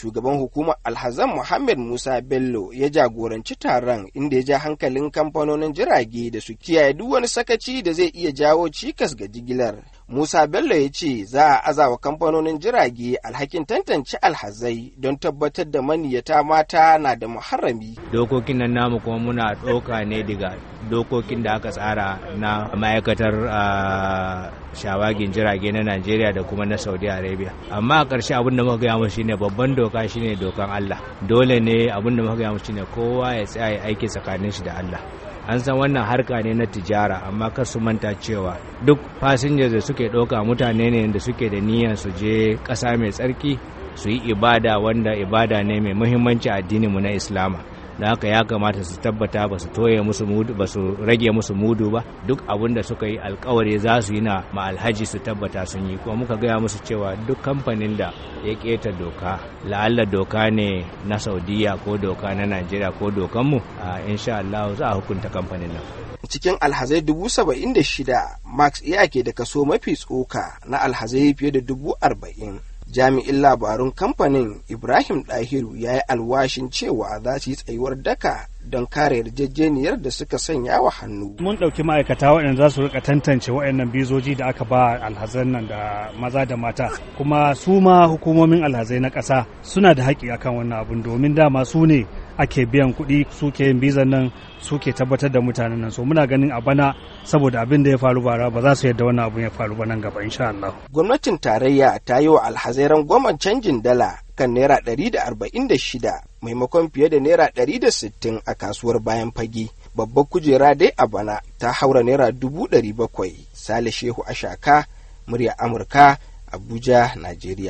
shugaban hukumar alhazan muhammad musa bello ya jagoranci taron inda ya ja hankalin kamfanonin jirage da su kiyaye duk wani sakaci da zai iya jawo cikas ga jigilar Musa Bello ya ce za a azawa kamfanonin jirage alhakin tantance alhazai don tabbatar da maniyata mata na da muharrami. Dokokin nan namu kuma muna ɗauka ne daga dokokin da aka tsara na ma'aikatar shawagin jirage na Najeriya da kuma na Saudi Arabia. Amma a ƙarshe abin da muka gaya shi ne babban doka shine dokan Allah. Dole ne abin da muka gaya shi ne kowa ya tsaya aiki tsakanin shi da Allah. an san wannan harka ne na tijara amma kar su manta cewa duk fasinjas da suke ɗauka mutane ne da suke da niyyar su je ƙasa mai tsarki su yi ibada wanda ibada ne mai muhimmanci addininmu na islama da haka ya kamata su tabbata ba su toye musu mudu ba su rage musu mudu ba duk abin da suka yi alkawari za su yi na ma alhaji su tabbata sun yi kuma muka gaya musu cewa duk kamfanin da ya keta doka la'alla doka ne na saudiya ko doka na najeriya ko dokanmu a insha Allah za a hukunta kamfanin nan cikin alhazai dubu saba'in da shida max iya ke da kaso mafi tsoka na alhazai fiye da dubu arba'in jami'in labarun kamfanin ibrahim dahiru ya yi alwashin cewa za su yi tsayuwar daka don kare yarjejeniyar da suka sanya wa hannu mun ɗauki ma'aikata waɗanda za su rika tantance waɗannan bizoji da aka ba alhazan nan da maza da mata kuma su ma hukumomin alhazai na ƙasa suna da haƙƙi akan wannan abun domin dama su ne ake biyan kuɗi suke yin bizan nan suke tabbatar da mutanen nan so muna ganin a bana saboda abin da ya faru bara ba za su yadda wannan abin ya faru ba nan gaba insha Allah. Gwamnatin tarayya ta yi wa alhazairan goma canjin dala kan naira ɗari da arba'in da shida maimakon fiye da naira ɗari da sittin a kasuwar bayan fage. Babbar kujera dai a bana ta haura naira dubu ɗari bakwai. Sale Shehu Ashaka, murya Amurka, Abuja, Najeriya.